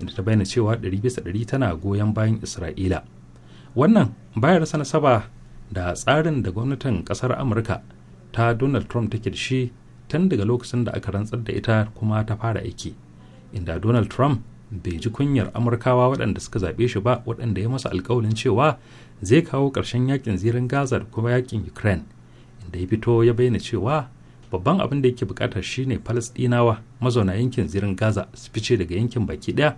inda ta bayyana cewa 100% tana goyon bayan isra'ila wannan bayar rasa nasaba da tsarin da gwamnatin kasar amurka ta donald trump take da shi tun daga lokacin da aka rantsar da ita kuma ta fara aiki inda donald trump bai ji kunyar amurkawa waɗanda suka zaɓe shi ba waɗanda ya masa alkawalin cewa zai kawo ƙarshen yakin zirin gaza da kuma yakin ukraine inda ya fito ya bayyana cewa babban abin da yake bukata shine falasdinawa mazauna yankin zirin gaza su fice daga yankin baki daya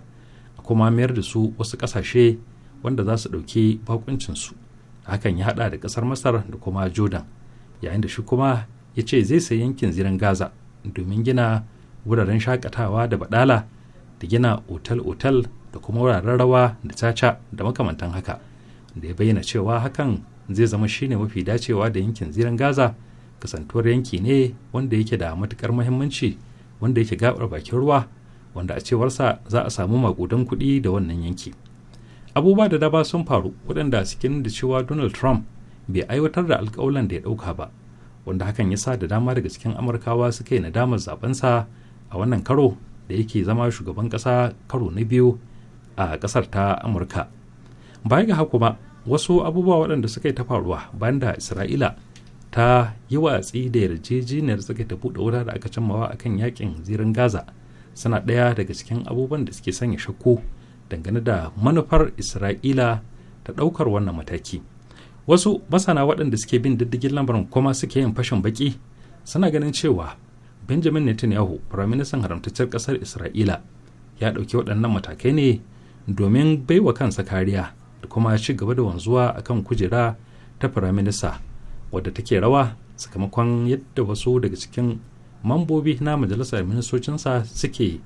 a kuma mayar da su wasu kasashe wanda za su dauke bakuncinsu hakan ya hada da ƙasar masar da kuma jordan yayin da shi kuma ya ce zai sai yankin zirin gaza domin gina wuraren shakatawa da badala da gina otal-otal da kuma wuraren rawa da caca da makamantan haka da ya bayyana cewa hakan zai zama shine mafi dacewa da yankin zirin gaza kasantuwar yanki ne wanda yake da matukar muhimmanci wanda yake gabar bakin ruwa wanda a cewarsa za a samu makudan kuɗi da wannan yanki abubuwa da daba sun faru waɗanda suke da cewa donald trump bai aiwatar da alkawalan da ya ɗauka ba wanda hakan ya sa da dama daga cikin amurkawa suka yi nadamar sa a wannan karo da yake zama shugaban ƙasa karo na biyu a ƙasar ta amurka baya ga haku ba wasu abubuwa waɗanda suka yi ta faruwa bayan da isra'ila ta yi watsi da yarjejeniyar suka ta buɗe wuta da aka cammawa akan yakin zirin gaza suna ɗaya daga cikin abubuwan da suke sanya shakku dangane da manufar isra'ila ta ɗaukar wannan mataki wasu masana waɗanda suke bin diddigin lamarin kuma suke yin fashin baki suna ganin cewa benjamin netanyahu firaministan haramtaccen ƙasar isra'ila ya ɗauki waɗannan matakai ne domin baiwa kansa kariya da kuma ci gaba da wanzuwa akan kujera ta firaminista wadda take rawa sakamakon yadda wasu daga cikin mambobi na majalisar ministocinsa suke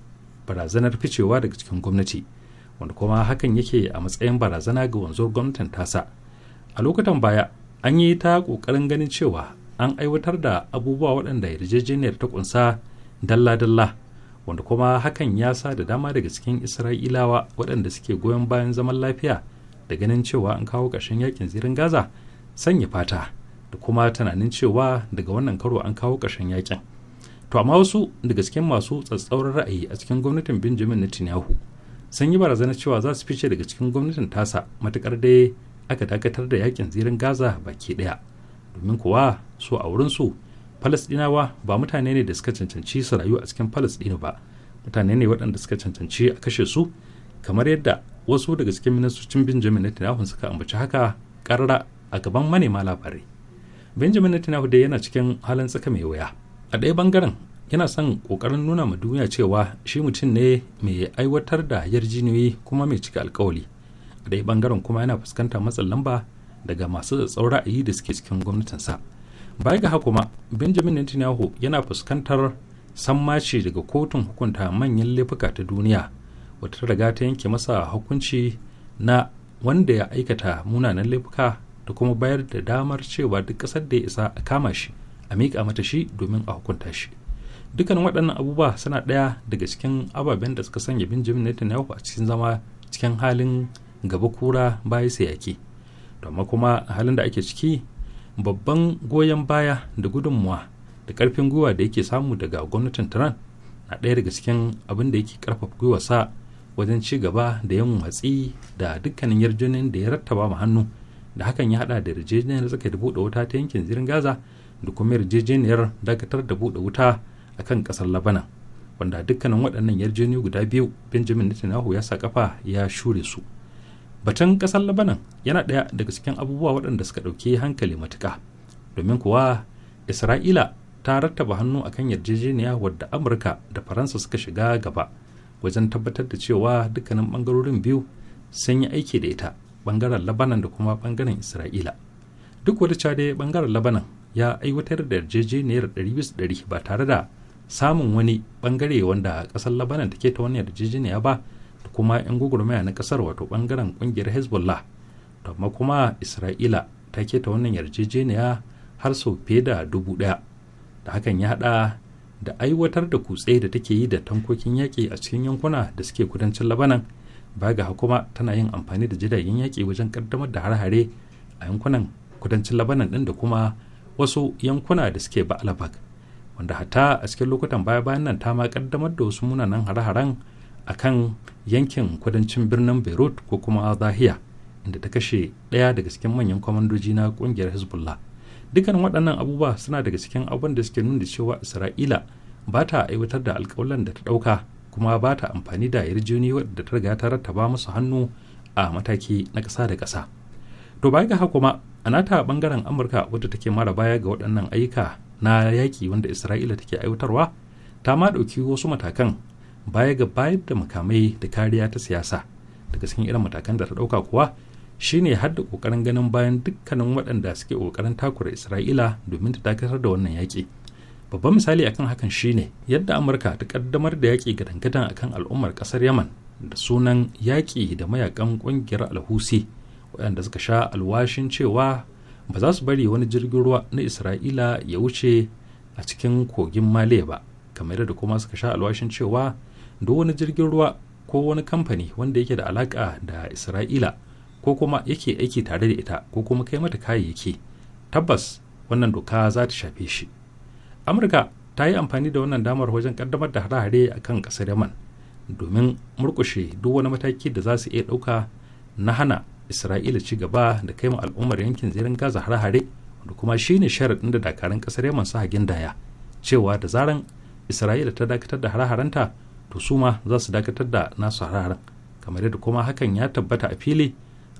barazanar ficewa daga cikin gwamnati wanda kuma hakan yake a matsayin barazana ga wanzuwar gwamnatin tasa a lokutan baya an yi ta ƙoƙarin ganin cewa an aiwatar da abubuwa waɗanda yarjejeniyar ta kunsa dalla-dalla wanda kuma hakan ya sa da dama daga cikin isra'ilawa waɗanda suke goyon bayan zaman lafiya da ganin cewa an kawo ƙarshen yakin zirin gaza sanya fata da kuma tunanin cewa daga wannan karo an kawo ƙarshen yakin to amma wasu daga cikin masu tsatsauran ra'ayi a cikin gwamnatin benjamin netanyahu sun yi barazana cewa za su fice daga cikin gwamnatin tasa matukar dai aka dakatar da yakin zirin gaza baki ɗaya domin kuwa so a su falasɗinawa ba mutane ne da suka cancanci su rayu a cikin falasɗinu ba mutane ne waɗanda suka cancanci a kashe su kamar yadda wasu daga cikin ministocin benjamin netanyahu suka ambaci haka karara a gaban manema labarai benjamin netanyahu dai yana cikin halin tsaka mai wuya a ɗaya bangaren yana son ƙoƙarin nuna ma duniya cewa shi mutum ne mai aiwatar da yarjiniyoyi kuma mai cika alkawali a ɗaya bangaren kuma yana fuskantar matsin lamba daga masu tsatsau ra'ayi da suke cikin gwamnatinsa baya ga haka kuma benjamin netanyahu yana fuskantar sammaci daga kotun hukunta manyan laifuka ta duniya wata riga ta yanke masa hukunci na wanda ya aikata munanan laifuka da kuma bayar da damar cewa duk ƙasar da ya isa a kama shi a miƙa mata shi domin a hukunta shi dukkanin waɗannan abubuwa suna ɗaya daga cikin ababen da suka sanya benjamin netanyahu a cikin zama cikin halin gaba kura baya sai yake amma kuma a halin da ake ciki babban goyon baya da gudunmuwa da ƙarfin gwiwa da yake samu daga gwamnatin trump na ɗaya daga cikin abin da yake ƙarfafa gwiwarsa wajen ci gaba da yin watsi da dukkanin yar'junin da ya rattaba ma hannu da hakan ya hada da yarjejeniyar zaka da buɗe wuta ta yankin zirin gaza da kuma yarjejeniyar dakatar da buɗe wuta a kan ƙasar labanan wanda dukkanin waɗannan yarjejeniyoyi guda biyu benjamin netanyahu ya sa kafa ya shure su batun ƙasar labanan yana ɗaya daga cikin abubuwa waɗanda suka ɗauke hankali matuka domin kuwa isra'ila ta rattaba hannu akan yarjejeniya wadda amurka da faransa suka shiga gaba wajen tabbatar da cewa dukkanin ɓangarorin biyu sun yi aiki da ita bangaren labanan da kuma bangaren isra'ila duk wata cade bangaren labanan ya aiwatar da yarjejeniyar 200 ba tare da samun wani bangare wanda ƙasar labanan take ta wani yarjejeniya ba da kuma 'yan gwagwarmaya na ƙasar wato bangaren ƙungiyar hezbollah da kuma isra'ila ta keta wannan yarjejeniya har sau fiye da dubu ɗaya da hakan ya haɗa da aiwatar da kutse da take yi da tankokin yaƙi a cikin yankuna da suke kudancin labanan baya ga kuma tana yin amfani da jiragen yaƙi wajen kaddamar da har hare a yankunan kudancin labanan ɗin da kuma wasu yankuna da suke ba'alabak wanda hata a cikin lokutan baya-bayan nan ta ma kaddamar da wasu munanan hare-haren a kan yankin kudancin birnin beirut ko kuma zahiya inda ta kashe ɗaya daga cikin manyan kwamandoji na ƙungiyar hezbollah dukkan waɗannan abubuwa suna daga cikin abubuwan da suke nuna cewa isra'ila ba ta aiwatar da alkawalan da ta ɗauka kuma ba ta amfani da yarjejeniyoyi wadda ta riga ta rattaba musu hannu a mataki na ƙasa da ƙasa to baya ga haka kuma a nata bangaren amurka wadda take mara baya ga waɗannan ayyuka na yaƙi wanda isra'ila take aiwatarwa ta ma ɗauki wasu matakan baya ga bayar da makamai da kariya ta siyasa daga cikin irin matakan da ta ɗauka kuwa shine har da ƙoƙarin ganin bayan dukkanin waɗanda suke ƙoƙarin takura isra'ila domin ta dakatar da wannan yaƙi babban misali akan hakan shine yadda amurka ta kaddamar da yaƙi gadangadan akan al'ummar ƙasar yaman da sunan yaƙi da mayakan ƙungiyar alhusi waɗanda suka sha alwashin cewa ba za su bari wani jirgin ruwa na isra'ila ya wuce a cikin kogin male ba kamar da kuma suka sha alwashin cewa duk wani jirgin ruwa ko wani kamfani wanda yake da alaƙa da isra'ila ko kuma yake aiki tare da ita ko kuma kai mata kayayyaki tabbas wannan doka za ta shafe shi amurka ta yi amfani da wannan damar wajen kaddamar da hare-hare a kan ƙasar yaman domin murkushe duk wani mataki da za su iya ɗauka na hana isra'ila ci gaba da kai al'ummar yankin zirin gaza hare-hare da kuma shine sharaɗin da dakarun ƙasar yaman su hagin daya cewa da zaran isra'ila ta dakatar da hare ta to su ma za su dakatar da nasu hare kamar yadda kuma hakan ya tabbata a fili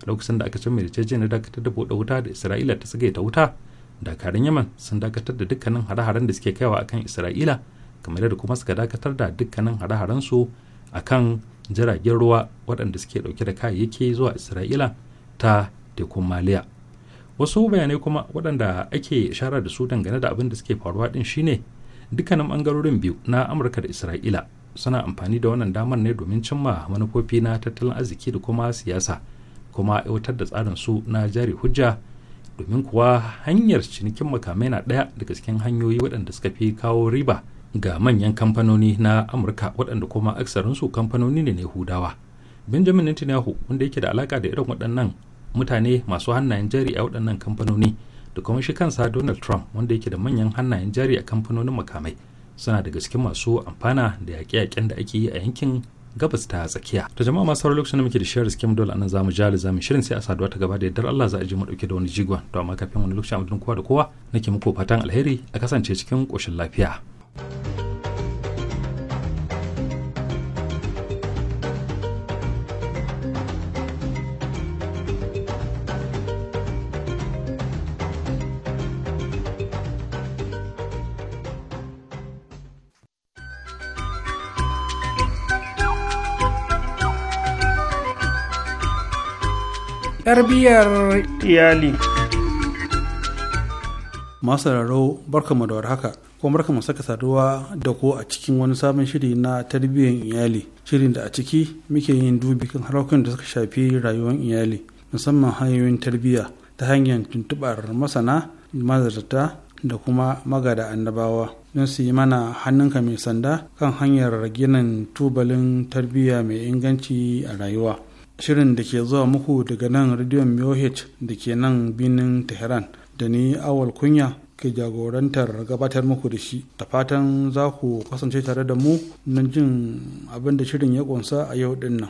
a lokacin da aka cin mai da dakatar da buɗe wuta da isra'ila ta ta wuta dakarun yaman sun dakatar da dukkanin hare-haren da suke kaiwa akan isra'ila kamar da kuma suka dakatar da dukkanin hare-haren su akan jiragen ruwa waɗanda suke ɗauke da kayayyaki zuwa isra'ila ta tekun maliya wasu bayanai kuma waɗanda ake shara da su dangane da abin da suke faruwa ɗin shine dukkanin bangarorin biyu na amurka da isra'ila suna amfani da wannan damar ne domin cimma manufofi na tattalin arziki da kuma siyasa kuma aiwatar da tsarin su na jari hujja domin kuwa hanyar cinikin makamai na ɗaya daga cikin hanyoyi waɗanda suka fi kawo riba ga manyan kamfanoni na amurka waɗanda kuma aksarinsu kamfanoni ne na hudawa benjamin netanyahu wanda yake da alaka da irin waɗannan mutane masu hannayen jari a waɗannan kamfanoni da kuma shi kansa donald trump wanda yake da manyan hannayen jari a kamfanonin makamai suna daga cikin masu amfana da yaƙe-yaƙen da ake yi a yankin gabas ta tsakiya to jama'a masu sauran lokacin da muke da shirin skim dole anan zamu jali zamu shirin sai a saduwa ta gaba da yaddar Allah za a ji mu dauke da wani jigon to amma kafin wani lokacin a kowa da kowa nake muku fatan alheri a kasance cikin koshin lafiya tarbiyyar iyali masu raro barkamu da warhaka kuma barkamu saka saduwa da ko a cikin wani sabon shiri na tarbiyyar iyali shirin da a ciki muke yin dubi kan harkokin da suka shafi rayuwar iyali musamman hanyoyin tarbiyya ta hanyar tuntubar masana mazarta da kuma magada annabawa don su yi mana hannunka mai sanda kan hanyar ginin tubalin tarbiyya mai inganci a rayuwa shirin da ke zuwa muku daga nan rediyon MOH da ke nan binin Tehran da ni awal kunya ke jagorantar gabatar muku da shi ta fatan za ku kasance tare da mu nan jin abin da shirin ya kunsa a yau din nan.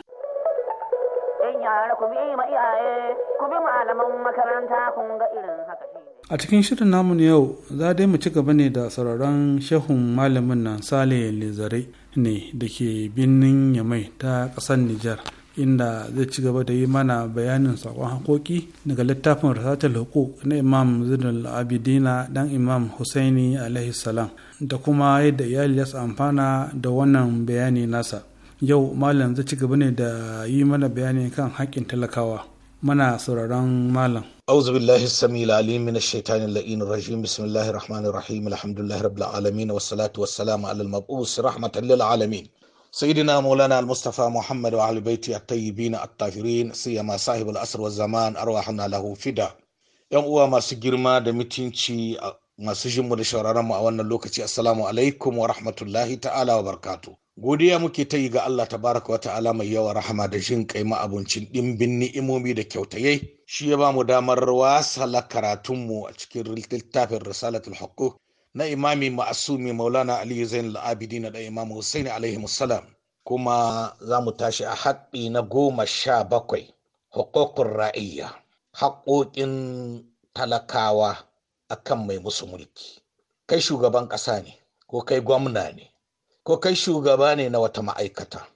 A cikin shirin namun yau za dai mu ci gaba ne da sauraron shehun malamin nan Sale Lezare ne da ke birnin Yamai ta ƙasar Nijar. inda zai ci gaba da yi mana bayanin saƙon hakoki daga littafin rasatul hukuk na imam zidul abidina dan imam husaini alaihi salam da kuma yadda iyali ya amfana da wannan bayani nasa yau malam zai ci gaba ne da yi mana bayani kan haƙƙin talakawa mana sauraron malam أعوذ بالله السميع العليم من الشيطان اللئيم الرجيم بسم الله الرحمن الرحيم الحمد لله رب العالمين والصلاة والسلام على المبعوث رحمة للعالمين سيدنا مولانا المصطفى محمد وعلى بيته الطيبين الطاهرين سيما صاحب الأسر والزمان أرواحنا له فدا yan uwa masu girma da mutunci masu jinmu da shawararren mu a wannan lokaci assalamu alaikum wa rahmatullahi ta'ala wa barkatu godiya muke ta yi ga Allah baraka wa ta'ala mai yawa rahama da jin kai ma abincin dimbin ni'imomi da kyautayai shi ya ba mu damar wasala karatunmu a cikin littafin risalatul huquq na imami ma'asumi maulana Ali zain al'abidi na ɗan imamu husaini alaihi musalam kuma za mu tashi a haƙƙi na goma sha bakwai hukukun ra'ayya. haƙoƙin talakawa akan mai musu mulki kai shugaban ƙasa ne ko kai gwamna ne ko kai shugaba ne na wata ma'aikata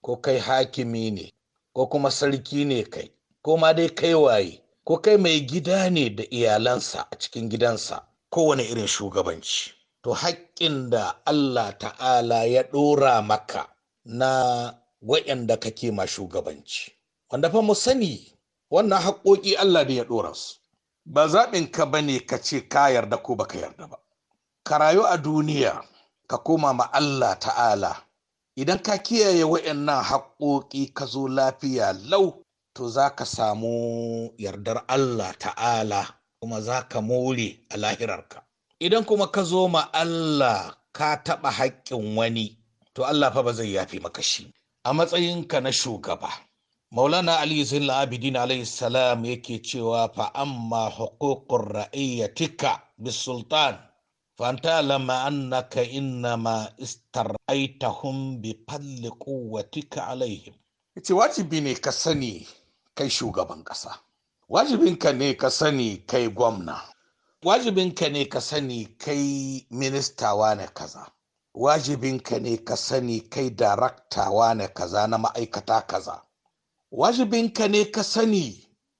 ko kai hakimi ne ko kuma sarki ne kai ko ma dai kai waye ko kai mai gida ne da iyalansa a cikin gidansa kowane irin shugabanci to haƙƙin da Allah ta'ala ya ɗora maka na waɗanda kake ma shugabanci wanda fa mu sani wannan haƙƙoƙi Allah da ya ɗora su ba zaɓin ka ba ne ka ce ka yarda ko ba ka yarda ba ka rayu a duniya ka koma ma Allah ta'ala idan ka kiyaye waɗannan haƙƙoƙi ka zo lafiya lau to za ka samu yardar Allah ta'ala kuma za ka more a lahirarka idan kuma ka zo ma Allah ka taɓa haƙƙin wani to Allah fa ba zai yafi maka shi a matsayinka na shugaba maulana ali zin abidin alayhi salam yake cewa fa amma ra'ayya tika, bis sultan fa na lama annaka innama istar'aitahum bi fadli quwwatika alaihim Ita wajibi ne ka sani kai shugaban ƙasa wajibinka ne ka sani kai gwamna wajibinka ne ka sani kai ministawa na kaza wajibinka ne ka sani kai daraktawa na kaza na ma'aikata kaza wajibinka ne ka sani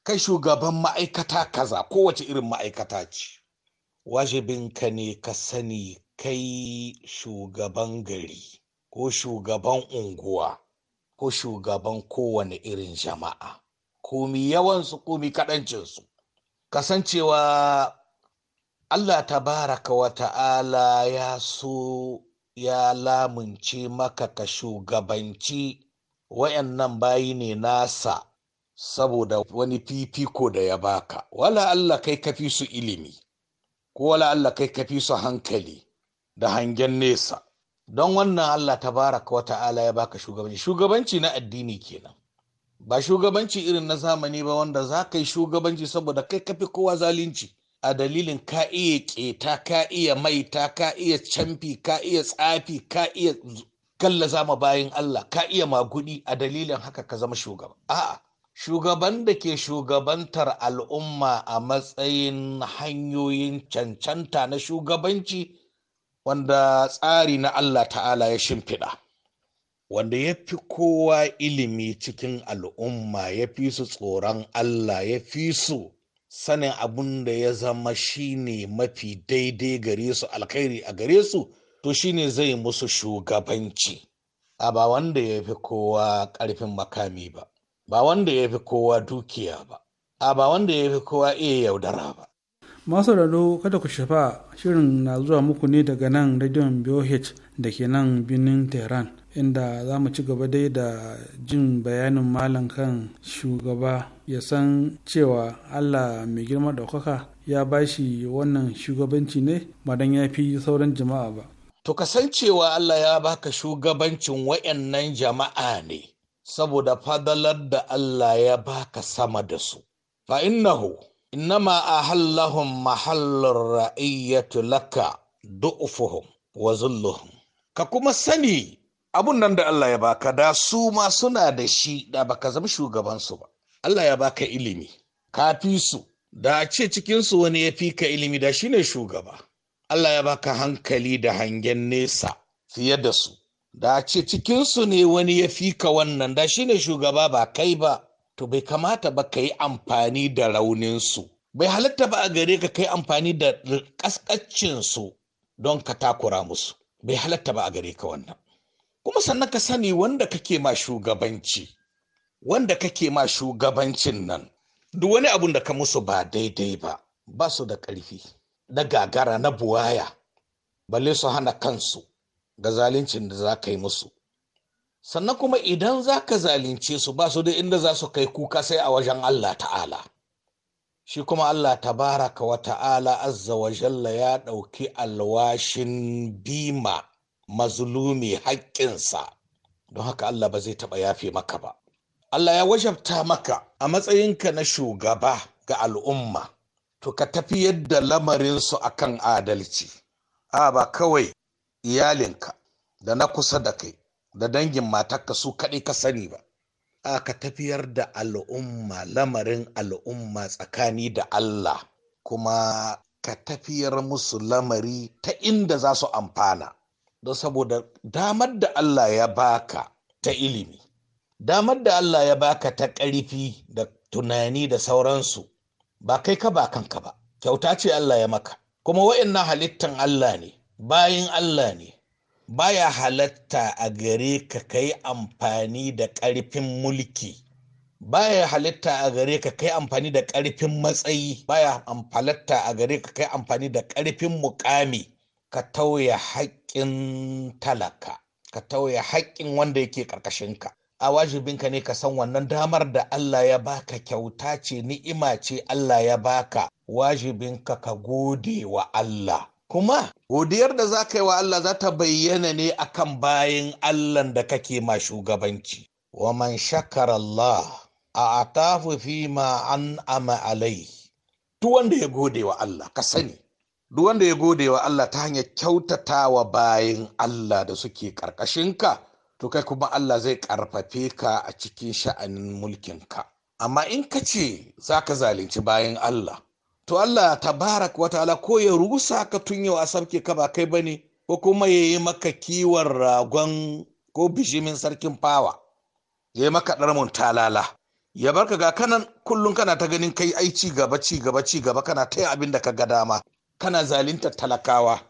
kai shugaban ma'aikata kaza kowace irin ma'aikata ce wajibinka ne ka sani kai shugaban gari ko shugaban unguwa ko shugaban kowane irin jama'a komi yawansu komi kaɗancinsu kasancewa allah tabaraka wa ta'ala ya so ya lamunce maka ka shugabanci wayannan bayi ne nasa saboda wani fifiko da ya baka wala allah kai ka fi su ilimi ko wala allah kai ka fi su hankali da hangen nesa don wannan allah tabaraka wa ta'ala ya baka shugabanci shugabanci na addini kenan ba shugabanci irin na zamani ba wanda za ka yi shugabanci saboda kai kafi kowa zalunci a dalilin ka iya keta ka iya maita ka iya camfi ka iya tsafi ka iya kalla zama bayan Allah ka iya magudi a dalilin haka ka zama shugaba a'a shugaban da ke shugabantar al'umma a matsayin hanyoyin cancanta na shugabanci wanda tsari na Allah ta'ala ya shimfiɗa wanda ya fi kowa ilimi cikin al'umma ya fi su tsoron Allah ya fi su sanin abin da ya zama shine mafi daidai gare su alkhairi a gare su to shine zai musu shugabanci a ba wanda ya fi kowa ƙarfin makami ba ba wanda ya fi kowa dukiya ba a ba wanda ya fi kowa iya yaudara ba masu raro kada ku shafa shirin na zuwa muku ne daga nan rediyon bioh da ke nan birnin tehran inda za mu ci gaba dai da jin bayanin malam kan shugaba ya san cewa allah mai girma ɗaukaka ya bashi wannan shugabanci ne ba don ya fi sauran jama'a ba to cewa allah ya baka shugabancin wayannan jama'a ne saboda fadalar da allah ya baka sama da su fa innahu innama hallahun mahallar ra'iyyatu laka du'ufuhum wa zulluhum ka kuma sani abun nan da Allah ya baka da su ma suna da shi da baka zama shugabansu ba Allah ya baka ilimi ka fi su da a ce cikinsu wani ya fi ka ilimi da shine shugaba Allah ya baka hankali da hangen nesa fiye da su da a ce cikinsu ne wani ya fi ka wannan da shine shugaba ba kai ba to bai kamata ba ka yi amfani da rauninsu bai halitta ba a gare ka kai amfani da su don ka takura musu bai halitta ba a gare ka wannan kuma sannan ka sani wanda kake ma shugabanci wanda kake ma shugabancin nan duk wani abun da ka musu ba daidai ba ba su da ƙarfi na gagara na buwaya balle su hana kansu ga zaluncin da za ka yi musu sannan kuma idan za ka zalunce su ba su da inda za su kai kuka sai a wajen Allah ta'ala shi kuma Allah tabaraka wa ta'ala azza wa jalla ya ɗauki alwashin bima mazulumi haƙƙinsa don haka Allah ba zai taɓa yafe maka ba Allah ya wajabta maka a matsayinka na shugaba ga al'umma to ka tafi yadda lamarinsu kan adalci a ba kawai iyalinka da na kusa da kai da dangin matarka su kaɗai ka sani ba a ka tafiyar da al'umma lamarin al'umma tsakani da Allah kuma ka tafiyar musu lamari ta inda za su amfana don saboda damar da Allah ya baka ta ilimi damar da Allah ya baka ta ƙarfi da tunani da sauransu ba kai ka ba kanka ba kyauta ce Allah ya maka kuma wa'annan halittan Allah ne Bayan Allah ne baya halatta a gare ka kai amfani da ƙarfin mulki baya halitta a gare ka kai amfani da ƙarfin matsayi baya halatta a gare ka kai amfani da ƙarfin mukami ka tauya haƙƙi haƙƙin talaka ka tauye haƙƙin wanda yake ƙarƙashinka a wajibinka ne ka san wannan damar da Allah ya baka kyauta ce ni'ima ce Allah ya baka wajibinka ka gode wa Allah kuma godiyar da za ka yi wa Allah za ta bayyana ne akan bayan Allah da kake ma shugabanci wa man shakar Allah a atafu fi ma an ama alai tu wanda ya gode wa Allah ka sani duk wanda ya gode wa Allah ta hanyar kyautata wa bayin Allah da suke ƙarƙashinka to kai kuma Allah zai karfafe ka a cikin sha'anin mulkin ka. amma in ka ce za ka zalunci bayan Allah to Allah tabarak wa ta'ala ko ya rusa ka tun yau a sarki ka ba kai bane ko kuma ya yi maka kiwon ragon ko bishimin sarkin fawa ya yi maka ɗarmun talala ya barka ga kanan kullum kana ta ganin kai ai ci gaba ci gaba ci gaba kana ta abin da ka ga dama kana zalinta talakawa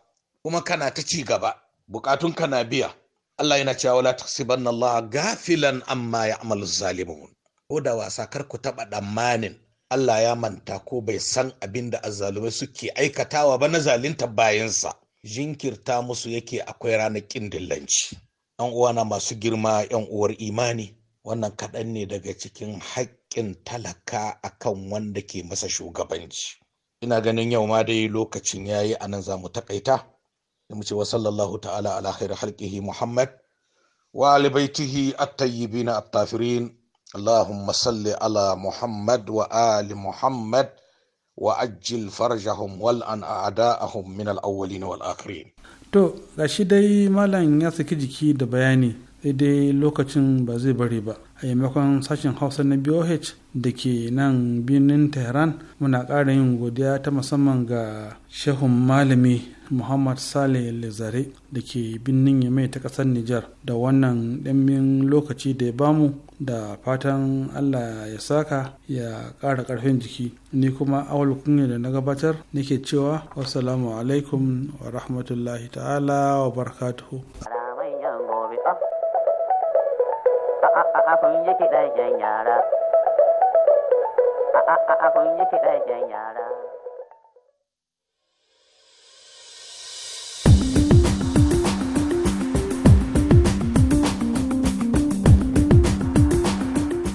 kuma kana ta ci gaba bukatun kana biya Allah yana cewa la tahsibanna Allah gafilan amma ya ya'malu zalimun ko da wasa kar ku taba damanin Allah ya manta ko bai san abin da azzalumai suke aikatawa ba na zalinta bayansa jinkirta musu yake akwai kin dillanci uwa uwana masu girma yan uwar imani wannan kaɗan ne daga cikin haƙƙin talaka akan wanda ke masa shugabanci ina ganin yau ma dai lokacin yayi nan za mu takaita da muce ce wa sallallahu ta'ala ala khairu halqihi muhammad wa ali baitihi at-tayyibin at-tafirin muhammad wa wa ajil farjahum wal an a'da'ahum min al-awwalin wal akhirin to gashi dai malam ya saki jiki da bayani sai dai lokacin ba zai bari ba Eh, a yamakon sashen hausa na boh da ke nan birnin tehran muna ƙara yin godiya ta musamman ga shehun malami muhammad saleh lezare da ke birnin yamai ta ƙasar nijar da wannan ɗanbin lokaci da ya bamu da fatan allah ya saka ya ƙara ƙarfin jiki ni kuma awal kunya da na gabatar nake cewa wassalamu alaikum wa rahmatullahi ta'ala wa barakatuhu afin yake ɗajen yara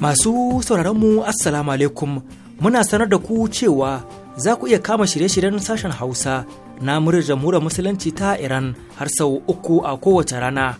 Masu sauraronmu Assalamu alaikum muna sanar da ku cewa za ku iya kama shirye-shiryen sashen Hausa na muryar jamhuriyar Musulunci ta Iran har sau uku a kowace rana